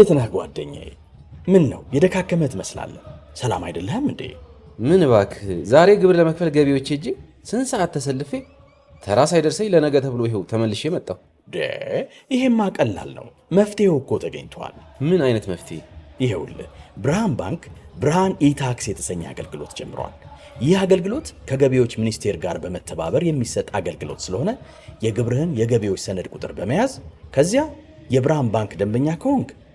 እንዴት ነህ ጓደኛዬ? ምን ነው የደካከመ ትመስላለህ። ሰላም አይደለህም እንዴ? ምን እባክህ፣ ዛሬ ግብር ለመክፈል ገቢዎች እጅ ስንት ሰዓት ተሰልፌ ተራ ሳይደርሰኝ ለነገ ተብሎ ይኸው ተመልሼ መጣሁ። ይሄማ ቀላል ነው፣ መፍትሄው እኮ ተገኝቷል። ምን አይነት መፍትሄ? ይኸውልህ ብርሃን ባንክ ብርሃን ኢታክስ የተሰኘ አገልግሎት ጀምሯል። ይህ አገልግሎት ከገቢዎች ሚኒስቴር ጋር በመተባበር የሚሰጥ አገልግሎት ስለሆነ የግብርህን የገቢዎች ሰነድ ቁጥር በመያዝ ከዚያ የብርሃን ባንክ ደንበኛ ከሆንክ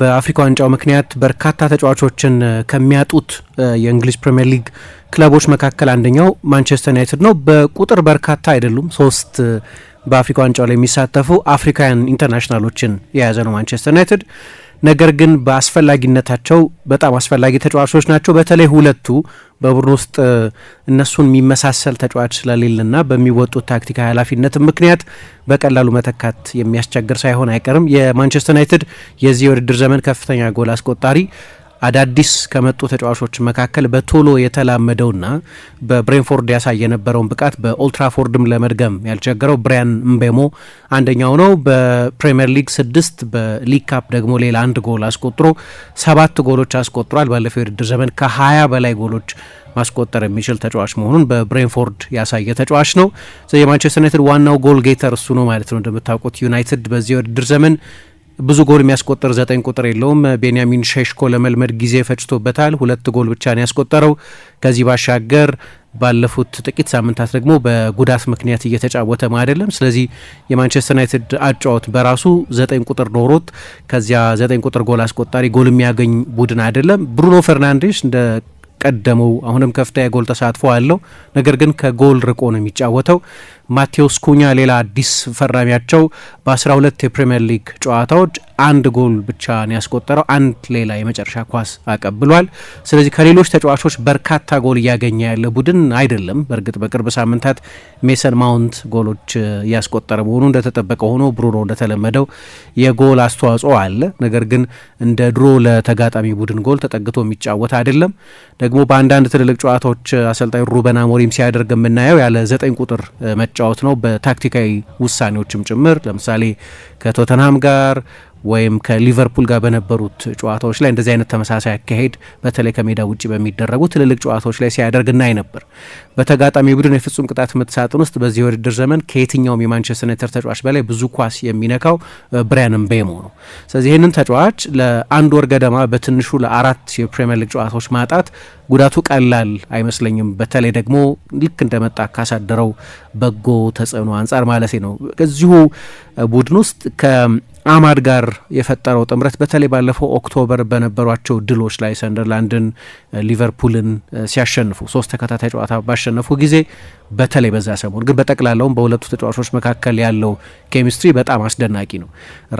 በአፍሪካ ዋንጫው ምክንያት በርካታ ተጫዋቾችን ከሚያጡት የእንግሊዝ ፕሪምየር ሊግ ክለቦች መካከል አንደኛው ማንቸስተር ዩናይትድ ነው። በቁጥር በርካታ አይደሉም፣ ሶስት በአፍሪካ ዋንጫው ላይ የሚሳተፉ አፍሪካውያን ኢንተርናሽናሎችን የያዘ ነው ማንቸስተር ዩናይትድ። ነገር ግን በአስፈላጊነታቸው በጣም አስፈላጊ ተጫዋቾች ናቸው። በተለይ ሁለቱ በቡድን ውስጥ እነሱን የሚመሳሰል ተጫዋች ስለሌለና በሚወጡት ታክቲካዊ ኃላፊነት ምክንያት በቀላሉ መተካት የሚያስቸግር ሳይሆን አይቀርም። የማንቸስተር ዩናይትድ የዚህ የውድድር ዘመን ከፍተኛ ጎል አስቆጣሪ አዳዲስ ከመጡ ተጫዋቾች መካከል በቶሎ የተላመደውና በብሬንፎርድ ያሳየ የነበረውን ብቃት በኦልትራፎርድም ለመድገም ያልቸገረው ብሪያን እምቤሞ አንደኛው ነው። በፕሪምየር ሊግ ስድስት በሊግ ካፕ ደግሞ ሌላ አንድ ጎል አስቆጥሮ ሰባት ጎሎች አስቆጥሯል። ባለፈው የውድድር ዘመን ከሀያ በላይ ጎሎች ማስቆጠር የሚችል ተጫዋች መሆኑን በብሬንፎርድ ያሳየ ተጫዋች ነው። የማንቸስተር ዩናይትድ ዋናው ጎል ጌተር እሱ ነው ማለት ነው። እንደምታውቁት ዩናይትድ በዚህ የውድድር ዘመን ብዙ ጎል የሚያስቆጠር ዘጠኝ ቁጥር የለውም። ቤንያሚን ሸሽኮ ለመልመድ ጊዜ ፈጅቶበታል። ሁለት ጎል ብቻ ነው ያስቆጠረው። ከዚህ ባሻገር ባለፉት ጥቂት ሳምንታት ደግሞ በጉዳት ምክንያት እየተጫወተም አይደለም። ስለዚህ የማንቸስተር ዩናይትድ አጫወት በራሱ ዘጠኝ ቁጥር ኖሮት ከዚያ ዘጠኝ ቁጥር ጎል አስቆጣሪ ጎል የሚያገኝ ቡድን አይደለም። ብሩኖ ፈርናንዴስ እንደ ቀደመው አሁንም ከፍተኛ የጎል ተሳትፎ አለው። ነገር ግን ከጎል ርቆ ነው የሚጫወተው። ማቴዎስ ኩኛ ሌላ አዲስ ፈራሚያቸው በ12 የፕሪምየር ሊግ ጨዋታዎች አንድ ጎል ብቻ ነው ያስቆጠረው። አንድ ሌላ የመጨረሻ ኳስ አቀብሏል። ስለዚህ ከሌሎች ተጫዋቾች በርካታ ጎል እያገኘ ያለ ቡድን አይደለም። በእርግጥ በቅርብ ሳምንታት ሜሰን ማውንት ጎሎች እያስቆጠረ መሆኑ እንደተጠበቀ ሆኖ ብሩኖ እንደተለመደው የጎል አስተዋጽኦ አለ። ነገር ግን እንደ ድሮ ለተጋጣሚ ቡድን ጎል ተጠግቶ የሚጫወት አይደለም። ደግሞ በአንዳንድ ትልልቅ ጨዋታዎች አሰልጣኝ ሩበን አሞሪም ሲያደርግ የምናየው ያለ ዘጠኝ ቁጥር መጫ መጫወት ነው። በታክቲካዊ ውሳኔዎችም ጭምር ለምሳሌ ከቶተንሃም ጋር ወይም ከሊቨርፑል ጋር በነበሩት ጨዋታዎች ላይ እንደዚህ አይነት ተመሳሳይ አካሄድ በተለይ ከሜዳ ውጭ በሚደረጉ ትልልቅ ጨዋታዎች ላይ ሲያደርግ እናይ ነበር። በተጋጣሚ ቡድን የፍጹም ቅጣት ምት ሳጥን ውስጥ በዚህ የውድድር ዘመን ከየትኛውም የማንቸስተር ዩናይትድ ተጫዋች በላይ ብዙ ኳስ የሚነካው ብሪያን ምቤሞ ነው። ስለዚህ ይህንን ተጫዋች ለአንድ ወር ገደማ በትንሹ ለአራት የፕሪምየር ሊግ ጨዋታዎች ማጣት ጉዳቱ ቀላል አይመስለኝም። በተለይ ደግሞ ልክ እንደመጣ ካሳደረው በጎ ተጽዕኖ አንጻር ማለት ነው። ከዚሁ ቡድን ውስጥ አማድ ጋር የፈጠረው ጥምረት በተለይ ባለፈው ኦክቶበር በነበሯቸው ድሎች ላይ ሰንደርላንድን፣ ሊቨርፑልን ሲያሸንፉ ሶስት ተከታታይ ጨዋታ ባሸነፉ ጊዜ በተለይ በዛ ሰሞን ግን በጠቅላላውም በሁለቱ ተጫዋቾች መካከል ያለው ኬሚስትሪ በጣም አስደናቂ ነው።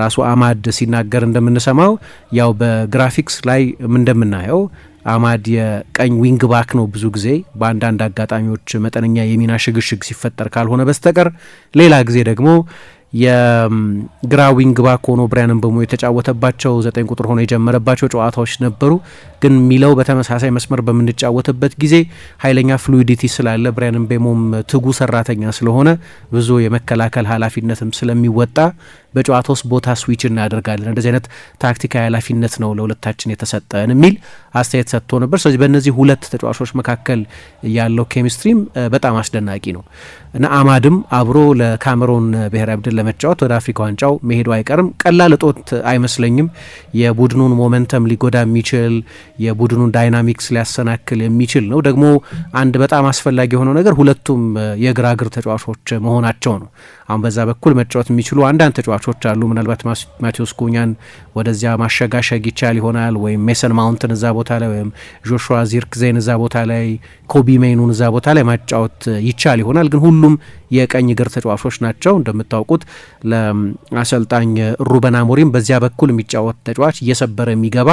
ራሱ አማድ ሲናገር እንደምንሰማው ያው በግራፊክስ ላይ እንደምናየው አማድ የቀኝ ዊንግ ባክ ነው። ብዙ ጊዜ በአንዳንድ አጋጣሚዎች መጠነኛ የሚና ሽግሽግ ሲፈጠር ካልሆነ በስተቀር ሌላ ጊዜ ደግሞ የግራ ዊንግ ባክ ሆኖ ብሪያንን በሞ የተጫወተባቸው ዘጠኝ ቁጥር ሆኖ የጀመረባቸው ጨዋታዎች ነበሩ። ግን ሚለው በተመሳሳይ መስመር በምንጫወትበት ጊዜ ኃይለኛ ፍሉዲቲ ስላለ ብሪያንን ቤሞም ትጉ ሰራተኛ ስለሆነ ብዙ የመከላከል ኃላፊነትም ስለሚወጣ በጨዋታ ውስጥ ቦታ ስዊች እናደርጋለን፣ እንደዚህ አይነት ታክቲካዊ ኃላፊነት ነው ለሁለታችን የተሰጠን የሚል አስተያየት ሰጥቶ ነበር። ስለዚህ በእነዚህ ሁለት ተጫዋቾች መካከል ያለው ኬሚስትሪም በጣም አስደናቂ ነው እና አማድም አብሮ ለካሜሮን ብሔራዊ ቡድን ለመጫወት ወደ አፍሪካ ዋንጫው መሄዱ አይቀርም። ቀላል እጦት አይመስለኝም። የቡድኑን ሞመንተም ሊጎዳ የሚችል የቡድኑን ዳይናሚክስ ሊያሰናክል የሚችል ነው። ደግሞ አንድ በጣም አስፈላጊ የሆነው ነገር ሁለቱም የግራግር ተጫዋቾች መሆናቸው ነው። አሁን በዛ በኩል መጫወት የሚችሉ አንዳንድ ተጫዋ ተጫዋቾች አሉ። ምናልባት ማቴዎስ ኩኛን ወደዚያ ማሸጋሸግ ይቻል ይሆናል ወይም ሜሰን ማውንትን እዛ ቦታ ላይ ወይም ጆሹዋ ዚርክዜን እዛ ቦታ ላይ ኮቢ ሜይኑን እዛ ቦታ ላይ ማጫወት ይቻል ይሆናል። ግን ሁሉም የቀኝ እግር ተጫዋቾች ናቸው። እንደምታውቁት ለአሰልጣኝ ሩበን አሞሪም በዚያ በኩል የሚጫወት ተጫዋች እየሰበረ የሚገባ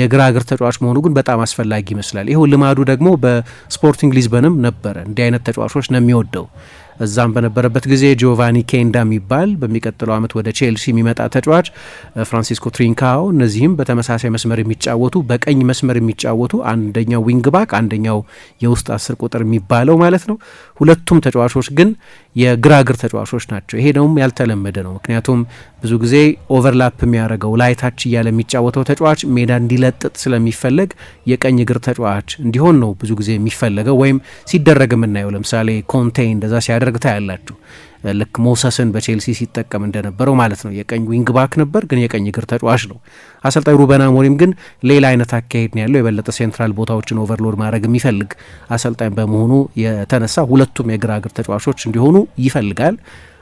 የግራ እግር ተጫዋች መሆኑ ግን በጣም አስፈላጊ ይመስላል። ይኸው ልማዱ ደግሞ በስፖርቲንግ ሊዝበንም ነበረ። እንዲህ አይነት ተጫዋቾች ነው የሚወደው። እዛም በነበረበት ጊዜ ጂኦቫኒ ኬንዳ የሚባል በሚቀጥለው ዓመት ወደ ቼልሲ የሚመጣ ተጫዋች፣ ፍራንሲስኮ ትሪንካው፣ እነዚህም በተመሳሳይ መስመር የሚጫወቱ በቀኝ መስመር የሚጫወቱ አንደኛው ዊንግ ባክ አንደኛው የውስጥ አስር ቁጥር የሚባለው ማለት ነው። ሁለቱም ተጫዋቾች ግን የግራግር ተጫዋቾች ናቸው። ይሄ ደግሞ ያልተለመደ ነው። ምክንያቱም ብዙ ጊዜ ኦቨርላፕ የሚያደርገው ላይታች እያለ የሚጫወተው ተጫዋች ሜዳ እንዲለጥጥ ስለሚፈለግ የቀኝ እግር ተጫዋች እንዲሆን ነው ብዙ ጊዜ የሚፈለገው ወይም ሲደረግ የምናየው። ለምሳሌ ኮንቴ እንደዛ ሲያደርግ ታያላችሁ። ልክ ሞሰስን በቼልሲ ሲጠቀም እንደነበረው ማለት ነው። የቀኝ ዊንግ ባክ ነበር፣ ግን የቀኝ እግር ተጫዋች ነው። አሰልጣኝ ሩበን አሞሪም ግን ሌላ አይነት አካሄድ ነው ያለው። የበለጠ ሴንትራል ቦታዎችን ኦቨርሎድ ማድረግ የሚፈልግ አሰልጣኝ በመሆኑ የተነሳ ሁለቱም የግራ እግር ተጫዋቾች እንዲሆኑ ይፈልጋል።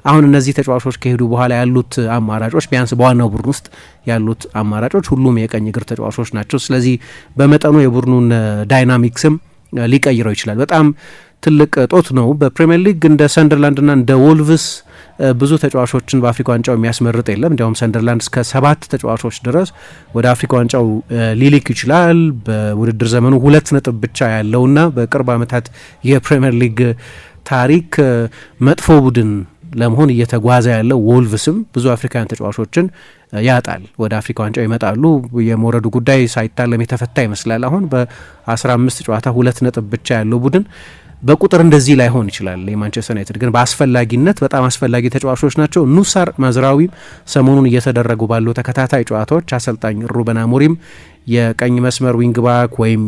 አሁን እነዚህ ተጫዋቾች ከሄዱ በኋላ ያሉት አማራጮች ቢያንስ በዋናው ቡድን ውስጥ ያሉት አማራጮች ሁሉም የቀኝ እግር ተጫዋቾች ናቸው። ስለዚህ በመጠኑ የቡድኑን ዳይናሚክስም ሊቀይረው ይችላል። በጣም ትልቅ ጦት ነው። በፕሪምየር ሊግ እንደ ሰንደርላንድና እንደ ወልቭስ ብዙ ተጫዋቾችን በአፍሪካ ዋንጫው የሚያስመርጥ የለም። እንዲያውም ሰንደርላንድ እስከ ሰባት ተጫዋቾች ድረስ ወደ አፍሪካ ዋንጫው ሊልክ ይችላል። በውድድር ዘመኑ ሁለት ነጥብ ብቻ ያለውና በቅርብ ዓመታት የፕሪምየር ሊግ ታሪክ መጥፎ ቡድን ለመሆን እየተጓዘ ያለው ወልቭስም ብዙ አፍሪካውያን ተጫዋቾችን ያጣል። ወደ አፍሪካ ዋንጫ ይመጣሉ። የመውረዱ ጉዳይ ሳይታለም የተፈታ ይመስላል። አሁን በ15 ጨዋታ ሁለት ነጥብ ብቻ ያለው ቡድን በቁጥር እንደዚህ ላይሆን ይችላል። የማንቸስተር ዩናይትድ ግን በአስፈላጊነት በጣም አስፈላጊ ተጫዋቾች ናቸው። ኑሳር ማዝራዊም ሰሞኑን እየተደረጉ ባሉ ተከታታይ ጨዋታዎች አሰልጣኝ ሩበን አሞሪም የቀኝ መስመር ዊንግ ባክ ወይም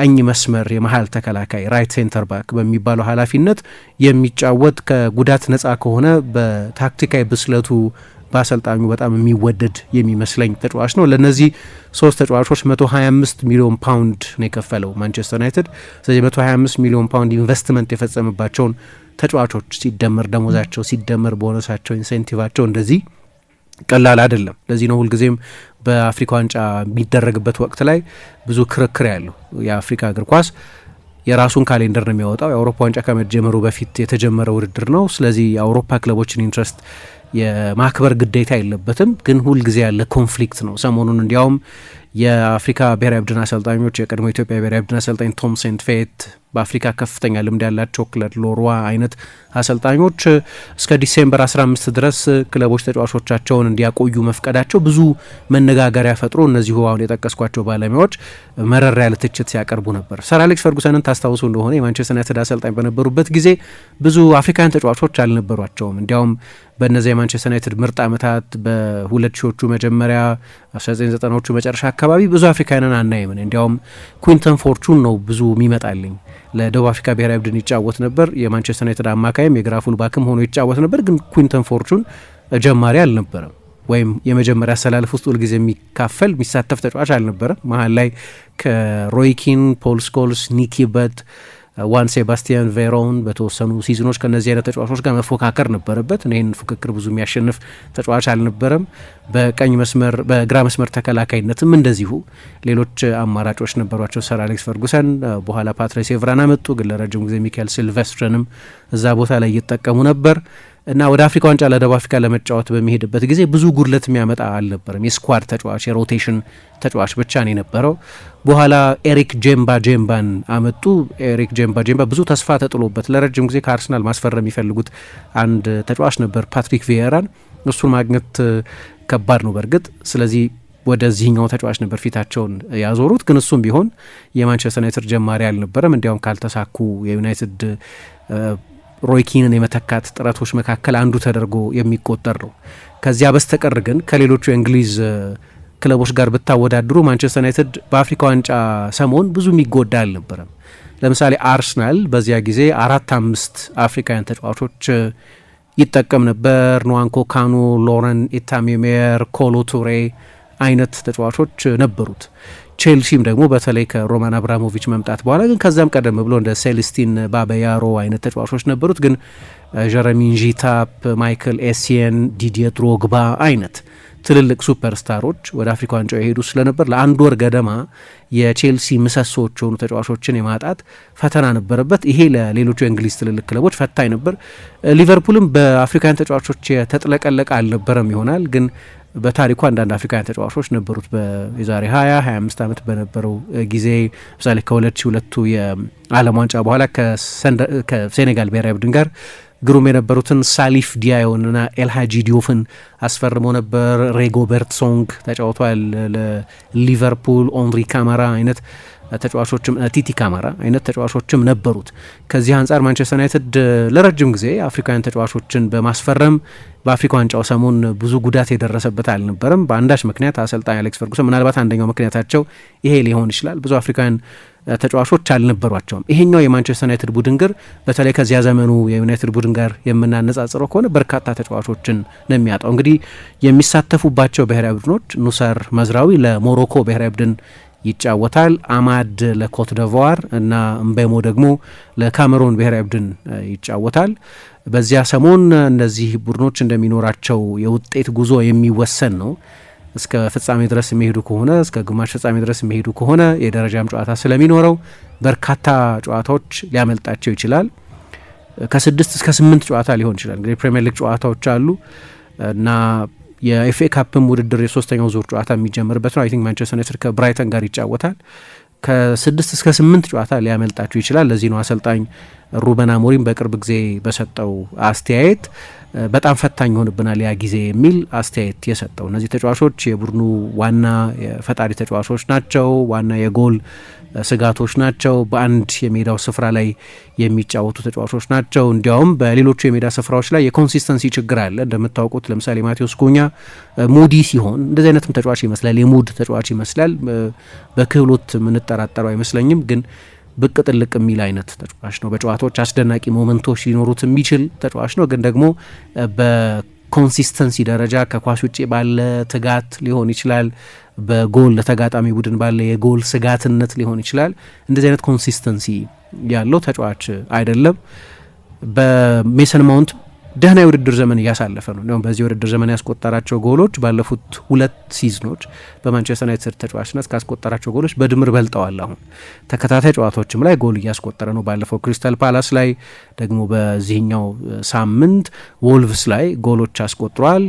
ቀኝ መስመር የመሀል ተከላካይ ራይት ሴንተር ባክ በሚባለው ኃላፊነት የሚጫወት ከጉዳት ነጻ ከሆነ በታክቲካዊ ብስለቱ በአሰልጣኙ በጣም የሚወደድ የሚመስለኝ ተጫዋች ነው። ለእነዚህ ሶስት ተጫዋቾች 125 ሚሊዮን ፓውንድ ነው የከፈለው ማንቸስተር ዩናይትድ። ስለዚህ 125 ሚሊዮን ፓውንድ ኢንቨስትመንት የፈጸመባቸውን ተጫዋቾች ሲደመር ደሞዛቸው ሲደመር ቦነሳቸው ኢንሴንቲቫቸው እንደዚህ ቀላል አይደለም። ለዚህ ነው ሁልጊዜም በአፍሪካ ዋንጫ የሚደረግበት ወቅት ላይ ብዙ ክርክር ያለው የአፍሪካ እግር ኳስ የራሱን ካሌንደር ነው የሚያወጣው። የአውሮፓ ዋንጫ ከመጀመሩ በፊት የተጀመረ ውድድር ነው። ስለዚህ የአውሮፓ ክለቦችን ኢንትረስት የማክበር ግዴታ የለበትም። ግን ሁልጊዜ ያለ ኮንፍሊክት ነው። ሰሞኑን እንዲያውም የአፍሪካ ብሔራዊ ቡድን አሰልጣኞች የቀድሞ ኢትዮጵያ ብሔራዊ ቡድን አሰልጣኝ ቶም ሴንት ፌት በአፍሪካ ከፍተኛ ልምድ ያላቸው ክለድ ሎሮዋ አይነት አሰልጣኞች እስከ ዲሴምበር 15 ድረስ ክለቦች ተጫዋቾቻቸውን እንዲያቆዩ መፍቀዳቸው ብዙ መነጋገሪያ ፈጥሮ እነዚሁ አሁን የጠቀስኳቸው ባለሙያዎች መረር ያለ ትችት ሲያቀርቡ ነበር። ሰር አሌክስ ፈርጉሰንን ታስታውሱ እንደሆነ የማንቸስተር ዩናይትድ አሰልጣኝ በነበሩበት ጊዜ ብዙ አፍሪካውያን ተጫዋቾች አልነበሯቸውም። እንዲያውም በእነዚያ የማንቸስተር ዩናይትድ ምርጥ ዓመታት በሁለት ሺዎቹ መጀመሪያ 1990ዎቹ መጨረሻ አካባቢ ብዙ አፍሪካውያንን አናይምን። እንዲያውም ኩንተን ፎርቹን ነው ብዙ የሚመጣልኝ። ለደቡብ አፍሪካ ብሔራዊ ቡድን ይጫወት ነበር። የማንቸስተር ዩናይትድ አማካይም የግራ ፉልባክም ሆኖ ይጫወት ነበር። ግን ኩንተን ፎርቹን ጀማሪ አልነበረም ወይም የመጀመሪያ አሰላለፍ ውስጥ ሁልጊዜ የሚካፈል የሚሳተፍ ተጫዋች አልነበረም። መሀል ላይ ከሮይኪን፣ ፖል ስኮልስ፣ ዋን ሴባስቲያን ቬሮን በተወሰኑ ሲዝኖች ከነዚህ አይነት ተጫዋቾች ጋር መፎካከር ነበረበት። ይህን ፉክክር ብዙ የሚያሸንፍ ተጫዋች አልነበረም። በቀኝ መስመር በግራ መስመር ተከላካይነትም እንደዚሁ ሌሎች አማራጮች ነበሯቸው። ሰር አሌክስ ፈርጉሰን በኋላ ፓትሪስ ኤቭራን አመጡ፣ ግን ለረጅም ጊዜ ሚካኤል ሲልቨስትረንም እዛ ቦታ ላይ እየጠቀሙ ነበር። እና ወደ አፍሪካ ዋንጫ ለደቡብ አፍሪካ ለመጫወት በሚሄድበት ጊዜ ብዙ ጉድለት የሚያመጣ አልነበረም። የስኳድ ተጫዋች የሮቴሽን ተጫዋች ብቻ ነው የነበረው። በኋላ ኤሪክ ጄምባ ጄምባን አመጡ። ኤሪክ ጄምባ ጄምባ ብዙ ተስፋ ተጥሎበት ለረጅም ጊዜ ከአርሰናል ማስፈረም የሚፈልጉት አንድ ተጫዋች ነበር፣ ፓትሪክ ቪዬራን። እሱን ማግኘት ከባድ ነው በእርግጥ ስለዚህ ወደዚህኛው ተጫዋች ነበር ፊታቸውን ያዞሩት። ግን እሱም ቢሆን የማንቸስተር ዩናይትድ ጀማሪ አልነበረም። እንዲያውም ካልተሳኩ የዩናይትድ ሮይኪንን የመተካት ጥረቶች መካከል አንዱ ተደርጎ የሚቆጠር ነው። ከዚያ በስተቀር ግን ከሌሎቹ የእንግሊዝ ክለቦች ጋር ብታወዳድሩ ማንቸስተር ዩናይትድ በአፍሪካ ዋንጫ ሰሞን ብዙ የሚጎዳ አልነበረም። ለምሳሌ አርስናል በዚያ ጊዜ አራት አምስት አፍሪካውያን ተጫዋቾች ይጠቀም ነበር። ኖዋንኮ ካኑ፣ ሎረን ኢታሚሜር፣ ኮሎቱሬ አይነት ተጫዋቾች ነበሩት። ቼልሲም ደግሞ በተለይ ከሮማን አብራሞቪች መምጣት በኋላ ግን ከዛም ቀደም ብሎ እንደ ሴሌስቲን ባበያሮ አይነት ተጫዋቾች ነበሩት። ግን ጀረሚን ዢታፕ፣ ማይክል ኤሲየን፣ ዲዲየ ድሮግባ አይነት ትልልቅ ሱፐርስታሮች ወደ አፍሪካ ዋንጫ የሄዱ ስለነበር ለአንድ ወር ገደማ የቼልሲ ምሰሶዎች የሆኑ ተጫዋቾችን የማጣት ፈተና ነበረበት። ይሄ ለሌሎቹ የእንግሊዝ ትልልቅ ክለቦች ፈታኝ ነበር። ሊቨርፑልም በአፍሪካውያን ተጫዋቾች የተጥለቀለቀ አልነበረም ይሆናል ግን በታሪኩ አንዳንድ አፍሪካውያን ተጫዋቾች ነበሩት። የዛሬ ሀያ አምስት ዓመት በነበረው ጊዜ ምሳሌ ከሁለት ሺ ሁለቱ የዓለም ዋንጫ በኋላ ከሴኔጋል ብሔራዊ ቡድን ጋር ግሩም የነበሩትን ሳሊፍ ዲያዮንና ኤልሃጂ ዲዮፍን አስፈርሞ ነበር። ሬጎበርት ሶንግ ተጫውቷል ለሊቨርፑል። ኦንሪ ካማራ አይነት ተጫዋቾችም ቲቲ ካማራ አይነት ተጫዋቾችም ነበሩት። ከዚህ አንጻር ማንቸስተር ዩናይትድ ለረጅም ጊዜ አፍሪካውያን ተጫዋቾችን በማስፈረም በአፍሪካ ዋንጫው ሰሞን ብዙ ጉዳት የደረሰበት አልነበረም። በአንዳች ምክንያት አሰልጣኝ አሌክስ ፈርጉሰን ምናልባት አንደኛው ምክንያታቸው ይሄ ሊሆን ይችላል። ብዙ አፍሪካውያን ተጫዋቾች አልነበሯቸውም። ይሄኛው የማንቸስተር ዩናይትድ ቡድን ግር በተለይ ከዚያ ዘመኑ የዩናይትድ ቡድን ጋር የምናነጻጽረው ከሆነ በርካታ ተጫዋቾችን ነው የሚያጣው። እንግዲህ የሚሳተፉባቸው ብሔራዊ ቡድኖች ኑሰር መዝራዊ ለሞሮኮ ብሔራዊ ቡድን ይጫወታል። አማድ ለኮትደቫር እና እምቤሞ ደግሞ ለካሜሮን ብሔራዊ ቡድን ይጫወታል። በዚያ ሰሞን እነዚህ ቡድኖች እንደሚኖራቸው የውጤት ጉዞ የሚወሰን ነው። እስከ ፍጻሜ ድረስ የሚሄዱ ከሆነ እስከ ግማሽ ፍጻሜ ድረስ የሚሄዱ ከሆነ የደረጃም ጨዋታ ስለሚኖረው በርካታ ጨዋታዎች ሊያመልጣቸው ይችላል። ከስድስት እስከ ስምንት ጨዋታ ሊሆን ይችላል። እንግዲህ ፕሪሚየር ሊግ ጨዋታዎች አሉ እና የኤፍኤ ካፕም ውድድር የሶስተኛው ዙር ጨዋታ የሚጀምርበት ነው። አይ ቲንክ ማንቸስተር ዩናይትድ ከብራይተን ጋር ይጫወታል። ከስድስት እስከ ስምንት ጨዋታ ሊያመልጣቸው ይችላል። ለዚህ ነው አሰልጣኝ ሩበን አሞሪም በቅርብ ጊዜ በሰጠው አስተያየት በጣም ፈታኝ ይሆንብናል ያ ጊዜ የሚል አስተያየት የሰጠው እነዚህ ተጫዋቾች የቡድኑ ዋና ፈጣሪ ተጫዋቾች ናቸው፣ ዋና የጎል ስጋቶች ናቸው፣ በአንድ የሜዳው ስፍራ ላይ የሚጫወቱ ተጫዋቾች ናቸው። እንዲያውም በሌሎቹ የሜዳ ስፍራዎች ላይ የኮንሲስተንሲ ችግር አለ። እንደምታውቁት ለምሳሌ ማቴዎስ ኩኛ ሙዲ ሲሆን እንደዚህ አይነትም ተጫዋች ይመስላል፣ የሙድ ተጫዋች ይመስላል። በክህሎት የምንጠራጠረው አይመስለኝም ግን ብቅ ጥልቅ የሚል አይነት ተጫዋች ነው። በጨዋታዎች አስደናቂ ሞመንቶች ሊኖሩት የሚችል ተጫዋች ነው። ግን ደግሞ በኮንሲስተንሲ ደረጃ ከኳስ ውጭ ባለ ትጋት ሊሆን ይችላል፣ በጎል ለተጋጣሚ ቡድን ባለ የጎል ስጋትነት ሊሆን ይችላል። እንደዚህ አይነት ኮንሲስተንሲ ያለው ተጫዋች አይደለም። በሜሰን ማውንት ደህና የውድድር ዘመን እያሳለፈ ነው። እንዲሁም በዚህ የውድድር ዘመን ያስቆጠራቸው ጎሎች ባለፉት ሁለት ሲዝኖች በማንቸስተር ዩናይትድ ተጫዋችነት ካስቆጠራቸው ጎሎች በድምር በልጠዋል። አሁን ተከታታይ ጨዋታዎችም ላይ ጎል እያስቆጠረ ነው። ባለፈው ክሪስታል ፓላስ ላይ ደግሞ በዚህኛው ሳምንት ወልቭስ ላይ ጎሎች አስቆጥሯል።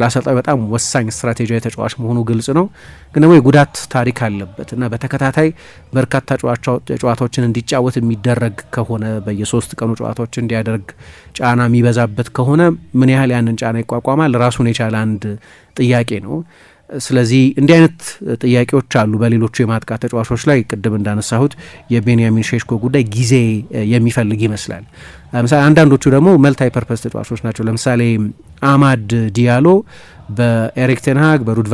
ለአሰልጣኝ በጣም ወሳኝ ስትራቴጂያዊ ተጫዋች መሆኑ ግልጽ ነው። ግን ደግሞ የጉዳት ታሪክ አለበት እና በተከታታይ በርካታ ጨዋታዎችን እንዲጫወት የሚደረግ ከሆነ በየሶስት ቀኑ ጨዋታዎች እንዲያደርግ ጫና የሚበዛበት ከሆነ ምን ያህል ያንን ጫና ይቋቋማል? ራሱን የቻለ አንድ ጥያቄ ነው። ስለዚህ እንዲህ አይነት ጥያቄዎች አሉ በሌሎቹ የማጥቃት ተጫዋቾች ላይ። ቅድም እንዳነሳሁት የቤንያሚን ሼሽኮ ጉዳይ ጊዜ የሚፈልግ ይመስላል። ምሳሌ አንዳንዶቹ ደግሞ መልታይ ፐርፐስ ተጫዋቾች ናቸው። ለምሳሌ አማድ ዲያሎ በኤሪክ ቴንሃግ በሩድ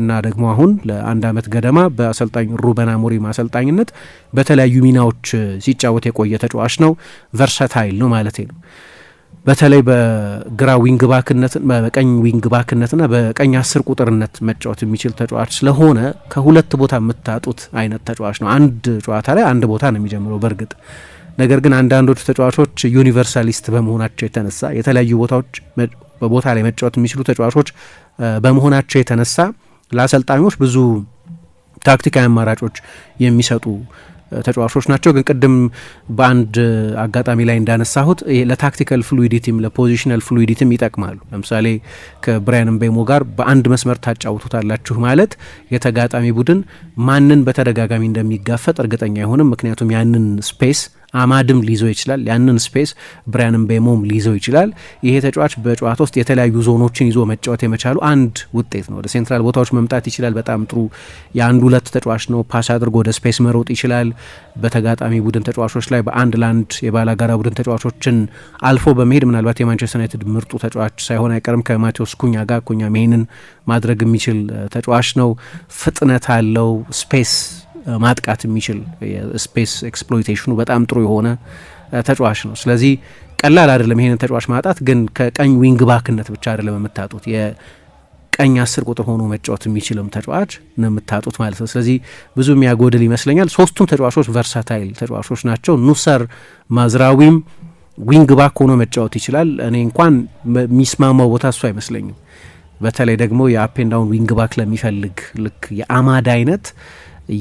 እና ደግሞ አሁን ለአንድ ዓመት ገደማ በአሰልጣኝ ሩበን አሞሪም አሰልጣኝነት በተለያዩ ሚናዎች ሲጫወት የቆየ ተጫዋች ነው። ቨርሳታይል ነው ማለት ነው። በተለይ በግራ ዊንግ ባክነትን በቀኝ ዊንግ ባክነትና በቀኝ አስር ቁጥርነት መጫወት የሚችል ተጫዋች ስለሆነ ከሁለት ቦታ የምታጡት አይነት ተጫዋች ነው። አንድ ጨዋታ ላይ አንድ ቦታ ነው የሚጀምረው በእርግጥ ነገር ግን አንዳንዶቹ ተጫዋቾች ዩኒቨርሳሊስት በመሆናቸው የተነሳ የተለያዩ ቦታዎች በቦታ ላይ መጫወት የሚችሉ ተጫዋቾች በመሆናቸው የተነሳ ለአሰልጣኞች ብዙ ታክቲካዊ አማራጮች የሚሰጡ ተጫዋቾች ናቸው። ግን ቅድም በአንድ አጋጣሚ ላይ እንዳነሳሁት ለታክቲካል ፍሉዊዲቲም ለፖዚሽናል ፍሉዊዲቲም ይጠቅማሉ። ለምሳሌ ከብራያን ምቤሞ ጋር በአንድ መስመር ታጫውቱታላችሁ ማለት የተጋጣሚ ቡድን ማንን በተደጋጋሚ እንደሚጋፈጥ እርግጠኛ አይሆንም። ምክንያቱም ያንን ስፔስ አማድም ሊይዘው ይችላል። ያንን ስፔስ ብሪያን ምቤሞም ሊይዘው ይችላል። ይሄ ተጫዋች በጨዋታ ውስጥ የተለያዩ ዞኖችን ይዞ መጫወት የመቻሉ አንድ ውጤት ነው። ወደ ሴንትራል ቦታዎች መምጣት ይችላል። በጣም ጥሩ የአንድ ሁለት ተጫዋች ነው። ፓስ አድርጎ ወደ ስፔስ መሮጥ ይችላል። በተጋጣሚ ቡድን ተጫዋቾች ላይ በአንድ ለአንድ የባላጋራ ቡድን ተጫዋቾችን አልፎ በመሄድ ምናልባት የማንቸስተር ዩናይትድ ምርጡ ተጫዋች ሳይሆን አይቀርም ከማቴዎስ ኩኛ ጋር ኩኛ ይሄንን ማድረግ የሚችል ተጫዋች ነው። ፍጥነት አለው ስፔስ ማጥቃት የሚችል ስፔስ ኤክስፕሎይቴሽኑ በጣም ጥሩ የሆነ ተጫዋች ነው። ስለዚህ ቀላል አይደለም ይሄንን ተጫዋች ማጣት። ግን ከቀኝ ዊንግ ባክነት ብቻ አይደለም የምታጡት የቀኝ አስር ቁጥር ሆኖ መጫወት የሚችልም ተጫዋች ነው የምታጡት ማለት ነው። ስለዚህ ብዙ የሚያጎድል ይመስለኛል። ሶስቱም ተጫዋቾች ቨርሳታይል ተጫዋቾች ናቸው። ኑሰር ማዝራዊም ዊንግ ባክ ሆኖ መጫወት ይችላል። እኔ እንኳን የሚስማማው ቦታ እሱ አይመስለኝም። በተለይ ደግሞ የአፔንዳውን ዊንግ ባክ ለሚፈልግ ልክ የአማድ አይነት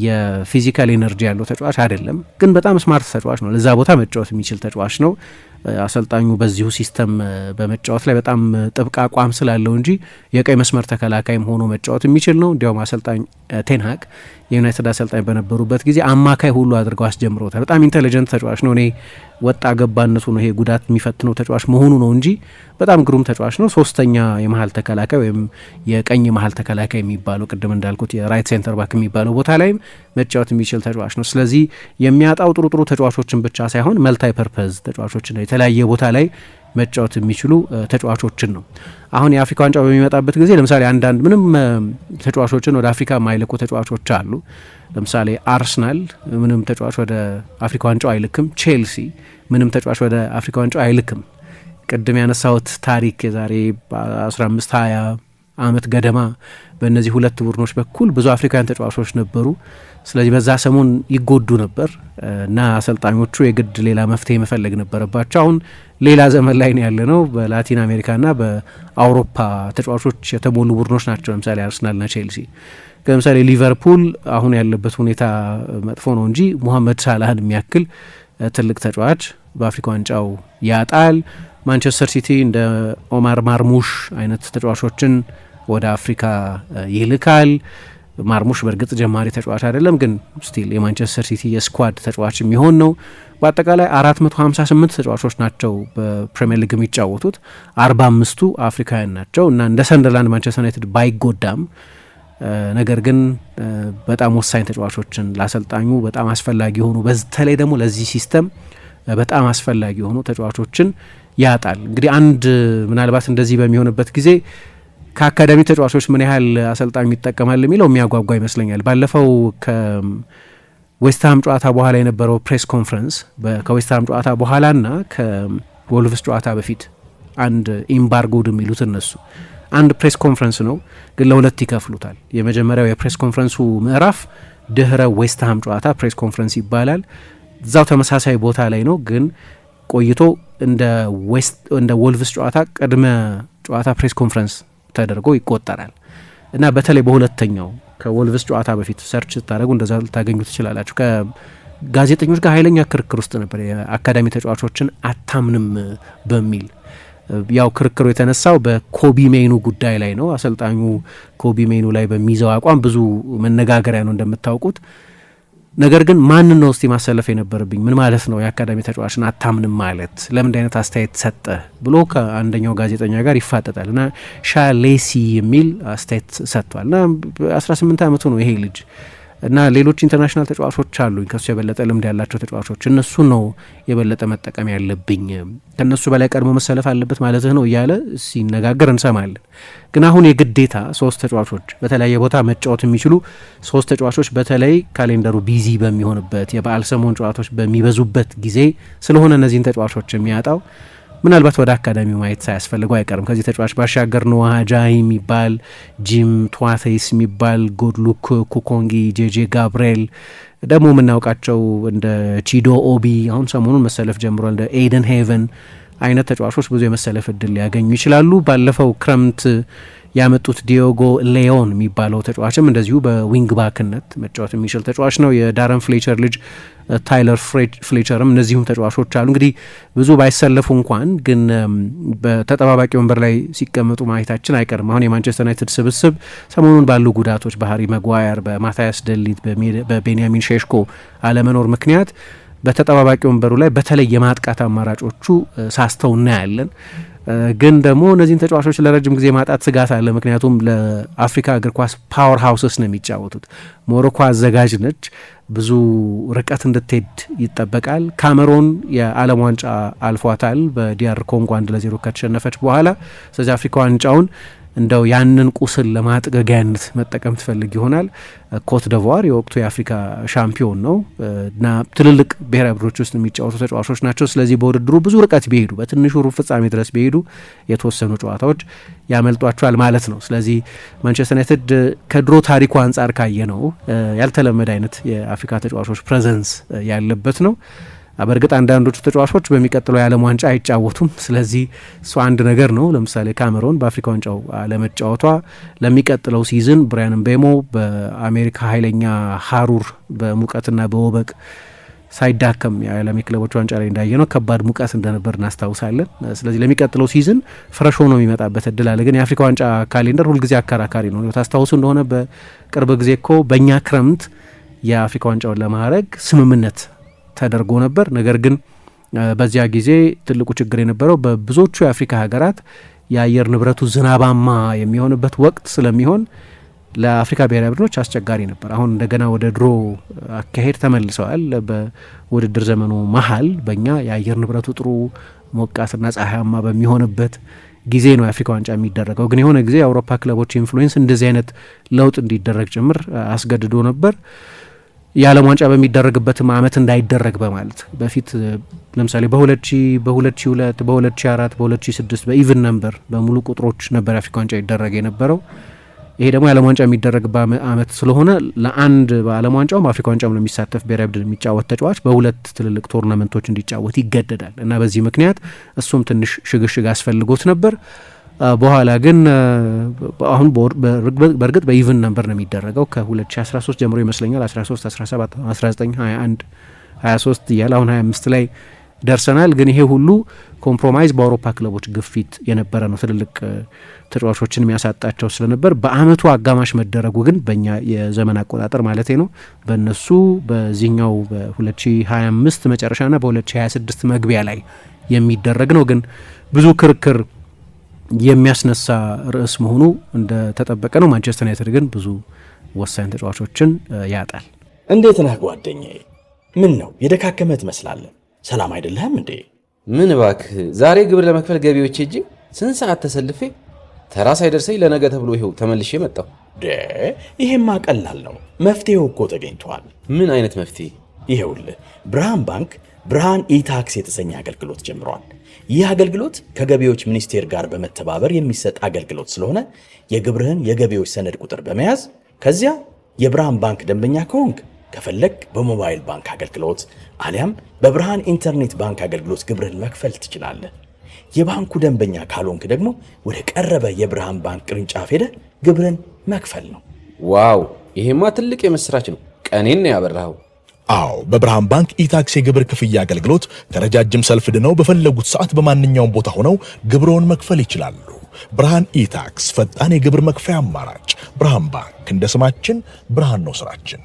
የፊዚካል ኤነርጂ ያለው ተጫዋች አይደለም፣ ግን በጣም ስማርት ተጫዋች ነው። ለዛ ቦታ መጫወት የሚችል ተጫዋች ነው። አሰልጣኙ በዚሁ ሲስተም በመጫወት ላይ በጣም ጥብቅ አቋም ስላለው እንጂ የቀይ መስመር ተከላካይም ሆኖ መጫወት የሚችል ነው። እንዲያውም አሰልጣኝ ቴንሃግ የዩናይትድ አሰልጣኝ በነበሩበት ጊዜ አማካይ ሁሉ አድርገው አስጀምረውታል። በጣም ኢንቴሊጀንት ተጫዋች ነው። እኔ ወጣ ገባነቱ ነው ይሄ ጉዳት የሚፈትነው ተጫዋች መሆኑ ነው እንጂ በጣም ግሩም ተጫዋች ነው። ሶስተኛ የመሀል ተከላካይ ወይም የቀኝ መሀል ተከላካይ የሚባለው ቅድም እንዳልኩት የራይት ሴንተር ባክ የሚባለው ቦታ ላይም መጫወት የሚችል ተጫዋች ነው። ስለዚህ የሚያጣው ጥሩ ጥሩ ተጫዋቾችን ብቻ ሳይሆን መልታይ ፐርፐዝ ተጫዋቾችን የተለያየ ቦታ ላይ መጫወት የሚችሉ ተጫዋቾችን ነው። አሁን የአፍሪካ ዋንጫ በሚመጣበት ጊዜ ለምሳሌ አንዳንድ ምንም ተጫዋቾችን ወደ አፍሪካ የማይልኩ ተጫዋቾች አሉ። ለምሳሌ አርስናል ምንም ተጫዋች ወደ አፍሪካ ዋንጫው አይልክም። ቼልሲ ምንም ተጫዋች ወደ አፍሪካ ዋንጫው አይልክም። ቅድም ያነሳሁት ታሪክ የዛሬ 15 20 አመት ገደማ በእነዚህ ሁለት ቡድኖች በኩል ብዙ አፍሪካውያን ተጫዋቾች ነበሩ። ስለዚህ በዛ ሰሞን ይጎዱ ነበር እና አሰልጣኞቹ የግድ ሌላ መፍትሄ መፈለግ ነበረባቸው። አሁን ሌላ ዘመን ላይ ነው ያለ ነው። በላቲን አሜሪካና በአውሮፓ ተጫዋቾች የተሞሉ ቡድኖች ናቸው። ለምሳሌ አርሰናልና ቼልሲ ለምሳሌ ሊቨርፑል አሁን ያለበት ሁኔታ መጥፎ ነው እንጂ ሙሐመድ ሳላህን የሚያክል ትልቅ ተጫዋች በአፍሪካ ዋንጫው ያጣል። ማንቸስተር ሲቲ እንደ ኦማር ማርሙሽ አይነት ተጫዋቾችን ወደ አፍሪካ ይልካል። ማርሙሽ በእርግጥ ጀማሪ ተጫዋች አይደለም፣ ግን ስቲል የማንቸስተር ሲቲ የስኳድ ተጫዋች የሚሆን ነው። በአጠቃላይ 458 ተጫዋቾች ናቸው በፕሪምየር ሊግ የሚጫወቱት፣ 45ቱ አፍሪካውያን ናቸው እና እንደ ሰንደርላንድ ማንቸስተር ዩናይትድ ባይጎዳም ነገር ግን በጣም ወሳኝ ተጫዋቾችን ላሰልጣኙ በጣም አስፈላጊ የሆኑ በተለይ ደግሞ ለዚህ ሲስተም በጣም አስፈላጊ የሆኑ ተጫዋቾችን ያጣል። እንግዲህ አንድ ምናልባት እንደዚህ በሚሆንበት ጊዜ ከአካዳሚ ተጫዋቾች ምን ያህል አሰልጣኙ ይጠቀማል የሚለው የሚያጓጓ ይመስለኛል። ባለፈው ከዌስትሃም ጨዋታ በኋላ የነበረው ፕሬስ ኮንፈረንስ ከዌስትሃም ጨዋታ በኋላና ከወልቭስ ጨዋታ በፊት አንድ ኢምባርጎድ የሚሉት እነሱ አንድ ፕሬስ ኮንፈረንስ ነው፣ ግን ለሁለት ይከፍሉታል። የመጀመሪያው የፕሬስ ኮንፈረንሱ ምዕራፍ ድህረ ዌስትሃም ጨዋታ ፕሬስ ኮንፈረንስ ይባላል። እዛው ተመሳሳይ ቦታ ላይ ነው፣ ግን ቆይቶ እንደ ወልቭስ ጨዋታ ቅድመ ጨዋታ ፕሬስ ኮንፈረንስ ተደርጎ ይቆጠራል እና በተለይ በሁለተኛው ከወልቭስ ጨዋታ በፊት ሰርች ስታደረጉ እንደዛ ልታገኙ ትችላላችሁ። ከጋዜጠኞች ጋር ኃይለኛ ክርክር ውስጥ ነበር። የአካዳሚ ተጫዋቾችን አታምንም በሚል ያው ክርክሩ የተነሳው በኮቢ ሜኑ ጉዳይ ላይ ነው። አሰልጣኙ ኮቢ ሜኑ ላይ በሚይዘው አቋም ብዙ መነጋገሪያ ነው እንደምታውቁት። ነገር ግን ማን ነው እስቲ ማሰለፍ የነበረብኝ? ምን ማለት ነው የአካዳሚ ተጫዋችን አታምንም ማለት ለምንድ አይነት አስተያየት ሰጠ ብሎ ከአንደኛው ጋዜጠኛ ጋር ይፋጠጣል እና ሻሌሲ የሚል አስተያየት ሰጥቷል እና 18 ዓመቱ ነው ይሄ ልጅ እና ሌሎች ኢንተርናሽናል ተጫዋቾች አሉኝ ከሱ የበለጠ ልምድ ያላቸው ተጫዋቾች እነሱ ነው የበለጠ መጠቀም ያለብኝ ከእነሱ በላይ ቀድሞ መሰለፍ አለበት ማለትህ ነው እያለ ሲነጋገር እንሰማለን። ግን አሁን የግዴታ ሶስት ተጫዋቾች በተለያየ ቦታ መጫወት የሚችሉ ሶስት ተጫዋቾች በተለይ ካሌንደሩ ቢዚ በሚሆንበት የበዓል ሰሞን ጨዋታዎች በሚበዙበት ጊዜ ስለሆነ እነዚህን ተጫዋቾች የሚያጣው ምናልባት ወደ አካዳሚ ማየት ሳያስፈልገው አይቀርም። ከዚህ ተጫዋች ባሻገር ኖዋጃ የሚባል ጂም ቷተይስ የሚባል ጎድሉክ ኩኮንጊ፣ ጄጄ ጋብርኤል ደግሞ የምናውቃቸው እንደ ቺዶ ኦቢ አሁን ሰሞኑን መሰለፍ ጀምሯል። እንደ ኤደን ሄቨን አይነት ተጫዋቾች ብዙ የመሰለፍ እድል ሊያገኙ ይችላሉ። ባለፈው ክረምት ያመጡት ዲዮጎ ሌዮን የሚባለው ተጫዋችም እንደዚሁ በዊንግ ባክነት መጫወት የሚችል ተጫዋች ነው። የዳረን ፍሌቸር ልጅ ታይለር ፍሌቸርም እነዚሁም ተጫዋቾች አሉ። እንግዲህ ብዙ ባይሰለፉ እንኳን ግን በተጠባባቂ ወንበር ላይ ሲቀመጡ ማየታችን አይቀርም። አሁን የማንቸስተር ዩናይትድ ስብስብ ሰሞኑን ባሉ ጉዳቶች በሃሪ መጓየር፣ በማታያስ ደሊት፣ በቤንያሚን ሼሽኮ አለመኖር ምክንያት በተጠባባቂ ወንበሩ ላይ በተለይ የማጥቃት አማራጮቹ ሳስተው እናያለን። ግን ደግሞ እነዚህን ተጫዋቾች ለረጅም ጊዜ ማጣት ስጋት አለ። ምክንያቱም ለአፍሪካ እግር ኳስ ፓወር ሀውስስ ነው የሚጫወቱት። ሞሮኮ አዘጋጅ ነች። ብዙ ርቀት እንድትሄድ ይጠበቃል። ካሜሮን የዓለም ዋንጫ አልፏታል በዲያር ኮንጎ አንድ ለዜሮ ከተሸነፈች በኋላ። ስለዚህ አፍሪካ ዋንጫውን እንደው ያንን ቁስል ለማጥገጊያነት መጠቀም ትፈልግ ይሆናል። ኮት ደቮር የወቅቱ የአፍሪካ ሻምፒዮን ነው እና ትልልቅ ብሔራዊ ቡድኖች ውስጥ የሚጫወቱ ተጫዋቾች ናቸው። ስለዚህ በውድድሩ ብዙ ርቀት ቢሄዱ በትንሹ ሩብ ፍጻሜ ድረስ ቢሄዱ የተወሰኑ ጨዋታዎች ያመልጧቸዋል ማለት ነው። ስለዚህ ማንቸስተር ዩናይትድ ከድሮ ታሪኩ አንጻር ካየ ነው ያልተለመደ አይነት የአፍሪካ ተጫዋቾች ፕሬዘንስ ያለበት ነው። በእርግጥ አንዳንዶቹ ተጫዋቾች በሚቀጥለው የዓለም ዋንጫ አይጫወቱም። ስለዚህ እሱ አንድ ነገር ነው። ለምሳሌ ካሜሮን በአፍሪካ ዋንጫው ለመጫወቷ ለሚቀጥለው ሲዝን ብራያን ምቤሞ በአሜሪካ ኃይለኛ ሀሩር በሙቀትና በወበቅ ሳይዳከም የዓለም የክለቦች ዋንጫ ላይ እንዳየ ነው ከባድ ሙቀት እንደነበር እናስታውሳለን። ስለዚህ ለሚቀጥለው ሲዝን ፍረሽ ሆኖ የሚመጣበት እድል አለ። ግን የአፍሪካ ዋንጫ ካሌንደር ሁልጊዜ አከራካሪ ነው። ታስታውሱ እንደሆነ በቅርብ ጊዜ እኮ በእኛ ክረምት የአፍሪካ ዋንጫውን ለማድረግ ስምምነት ተደርጎ ነበር። ነገር ግን በዚያ ጊዜ ትልቁ ችግር የነበረው በብዙዎቹ የአፍሪካ ሀገራት የአየር ንብረቱ ዝናባማ የሚሆንበት ወቅት ስለሚሆን ለአፍሪካ ብሔራዊ ቡድኖች አስቸጋሪ ነበር። አሁን እንደገና ወደ ድሮ አካሄድ ተመልሰዋል። በውድድር ዘመኑ መሀል በእኛ የአየር ንብረቱ ጥሩ ሞቃትና ፀሐያማ በሚሆንበት ጊዜ ነው የአፍሪካ ዋንጫ የሚደረገው። ግን የሆነ ጊዜ የአውሮፓ ክለቦች ኢንፍሉዌንስ እንደዚህ አይነት ለውጥ እንዲደረግ ጭምር አስገድዶ ነበር። የዓለም ዋንጫ በሚደረግበትም አመት እንዳይደረግ በማለት በፊት ለምሳሌ በ2000 በ2002 በ2004 በ2006 በኢቭን ነምበር በሙሉ ቁጥሮች ነበር የአፍሪካ ዋንጫ ይደረግ የነበረው። ይሄ ደግሞ የዓለም ዋንጫ የሚደረግበት አመት ስለሆነ ለአንድ በዓለም ዋንጫውም በአፍሪካ ዋንጫም ለሚሳተፍ ብሔራዊ ቡድን የሚጫወት ተጫዋች በሁለት ትልልቅ ቶርናመንቶች እንዲጫወት ይገደዳል እና በዚህ ምክንያት እሱም ትንሽ ሽግሽግ አስፈልጎት ነበር። በኋላ ግን አሁን በእርግጥ በኢቭን ነበር ነው የሚደረገው ከ2013 ጀምሮ ይመስለኛል 13 17 19 21 23 እያለ አሁን 25 ላይ ደርሰናል። ግን ይሄ ሁሉ ኮምፕሮማይዝ በአውሮፓ ክለቦች ግፊት የነበረ ነው ትልልቅ ተጫዋቾችን የሚያሳጣቸው ስለነበር በአመቱ አጋማሽ መደረጉ ግን በእኛ የዘመን አቆጣጠር ማለት ነው በእነሱ በዚህኛው በ2025 መጨረሻና በ2026 መግቢያ ላይ የሚደረግ ነው ግን ብዙ ክርክር የሚያስነሳ ርዕስ መሆኑ እንደተጠበቀ ነው። ማንቸስተር ዩናይትድ ግን ብዙ ወሳኝ ተጫዋቾችን ያጣል። እንዴት ነህ ጓደኛዬ? ምን ነው የደካከመ ትመስላለህ። ሰላም አይደለህም እንዴ? ምን እባክህ፣ ዛሬ ግብር ለመክፈል ገቢዎች ሄጄ ስንት ሰዓት ተሰልፌ ተራ ሳይደርሰኝ ለነገ ተብሎ ይው ተመልሼ መጣሁ። ይሄማ ቀላል ነው፣ መፍትሄው እኮ ተገኝቷል። ምን አይነት መፍትሄ? ይሄውልህ ብርሃን ባንክ ብርሃን ኢታክስ የተሰኘ አገልግሎት ጀምሯል። ይህ አገልግሎት ከገቢዎች ሚኒስቴር ጋር በመተባበር የሚሰጥ አገልግሎት ስለሆነ የግብርህን የገቢዎች ሰነድ ቁጥር በመያዝ ከዚያ የብርሃን ባንክ ደንበኛ ከሆንክ ከፈለግ በሞባይል ባንክ አገልግሎት አሊያም በብርሃን ኢንተርኔት ባንክ አገልግሎት ግብርህን መክፈል ትችላለህ። የባንኩ ደንበኛ ካልሆንክ ደግሞ ወደ ቀረበ የብርሃን ባንክ ቅርንጫፍ ሄደ ግብርን መክፈል ነው። ዋው! ይሄማ ትልቅ የምስራች ነው። ቀኔን ነው ያበራኸው። አዎ በብርሃን ባንክ ኢታክስ የግብር ክፍያ አገልግሎት ከረጃጅም ሰልፍ ድነው በፈለጉት ሰዓት በማንኛውም ቦታ ሆነው ግብርዎን መክፈል ይችላሉ። ብርሃን ኢታክስ ፈጣን የግብር መክፈያ አማራጭ። ብርሃን ባንክ እንደ ስማችን ብርሃን ነው ስራችን።